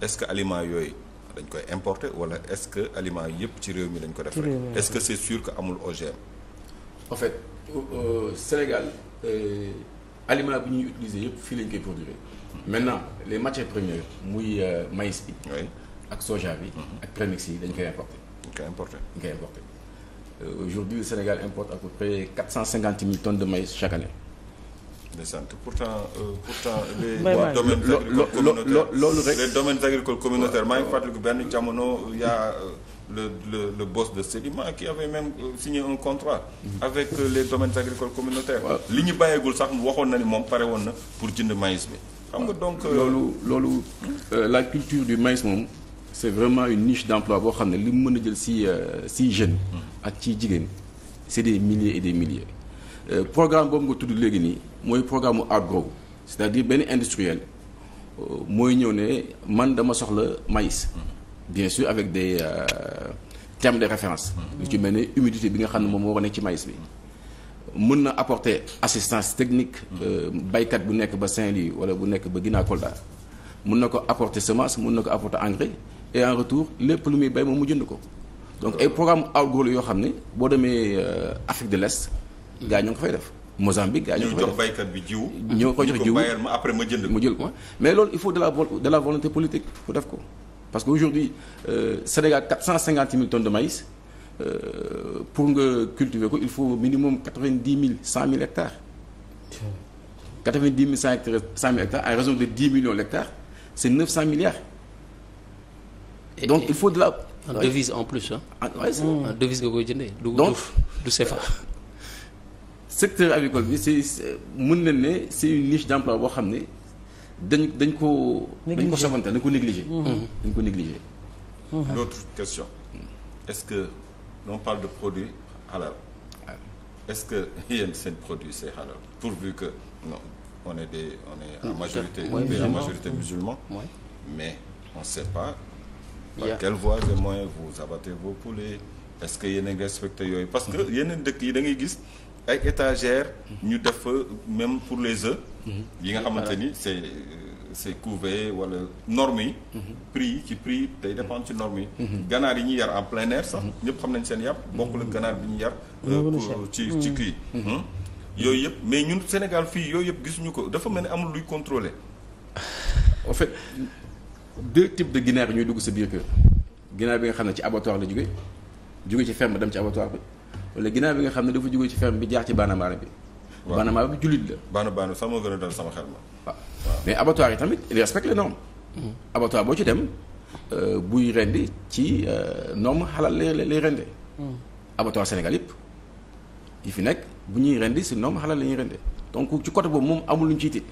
est-ce que aliment yooyu dañ koy importer wala est-ce que aliment yëpp ci réew mi lañ ko def rek est-ce que c'est sûr que amul OGM en fait euh, euh, Sénégal euh, aliments bu ñuy utiliser yëpp fii lañ koy produire maintenant les matières premières muy euh, maïs bi oui. ak soja bi mhm. ak prémix yi dañ koy importer dañ koy importer dañ koy importer euh, aujourd'hui le Sénégal importe à peu près quatre cent cinquante mille tonnes de maïs chaque année ndeysaan pourtant euh, pourtant les domaines agricoles communautaires loolu rek les domaines agricoles communautaires maa ngi fàttaliku benn jamono yaa euh, le le le boss de Sedima qui avait même euh, signé un contrat mhm. avec les domaines agricoles communautaires li ñu bàyyeegul sax waxoon na ni moom pare woon na pour jënd mais bi xam nga donc loolu loolu la culture du maïs moom c'est vraiment une niche d'emploi boo xam ne li mu mën a jël si si jeune mhm. ak ci jigéen c'est des milliers et des milliers Euh, programme boobu nga tudd léegi nii mooy programme mu agro c'est-à-dire benn industriel euh, mooy ñëw ne man dama soxla maïs. bien sûr avec de euh, termes de référence. lu ci mel ne humidité bi nga xam ne moom moo war a nekk ci mais bi. mën na apporter assistance technique. baykat bu nekk ba Saint-Louis wala bu nekk ba Guinaw Kolda. mun na ko apporter semence mun na ko apporter engrais et en retour lépp lu muy bay moom mu jënd ko. donc ay programme agro yoo xam ne boo demee Afrique de l'Est gaa ñu ngi ko fay def Mozambique gaa ñu ngi fay def bi jiw. ñoo ko jox jiw ma après ma jënd mu jël ko mais loolu il faut de la de la volonté politique pour def ko parce que aujourd'hui euh, Sénégal 450 000 tonnes de maïs euh, pour nga cultiver ko il faut minimum 90 000 100 000 hectares. 90 000 100 hectares 100 000 hectares à raison de 10 millions d'hectares c'est 900 milliards. Et donc et il faut de la. en devise en plus ah. ah oui, en devise du du du CFA. Euh, secteur agricole bi c'est mën na ne c'est une niche d'emploi boo xam ne dañ dañ ko dañ ko sobante dañ ko négligé mmh. mmh. dañ ko négligé l'autre mmh. question est-ce que on parle de produit halal est-ce que yéen seen produit c'est halal pourvu que non on est des on est en majorité en majorité musulman mais on sait pas par yeah. quelle voie et moyens vous abattez vos poulets est-ce que yéen a ngi respecté yooyu parce que yeneen dëkk yi da ngay gis ay étagère ñu def fa même pour les œufs mhm. yi nga xamante ni c'est euh, c'est couvé wala normes yi mhm. prix yi ci prix day dépendre ci normes yi mhm. ganaar yi ñuy yar en plein air sax ñëpp xam nañ seen yàpp bokkul la ganaar bi ñuy yar euh, ci ci kii yooyu yëpp mais ñun Sénégal fii yooyu yëpp gisuñu ko dafa mel ni amul luy contrôler en deux types de ginaar yi ñuy dugg sa biir kër ginaar bi nga xam ne ci abattoir la jóge jóge ci ferme dem ci abattoir bi wala ginnaaw bi nga xam ne dafa jóge ci ferme bi jaax ci baanamaara bi. waaw baanamaara bi jullit la. baana baana sax moo gën a dal sama xel ma. mais abattoir yi tamit il respecte les normes. Mm-hmm. abattoir boo ci dem euh, buy rendi ci euh, norme xalal lay lay rende. Mm-hmm. abattoir Sénégal yëpp yi fi nekk bu ñuy rendi si norme xalal la ñuy rende donc ci côté boobu moom amul lu ñu ciy tiit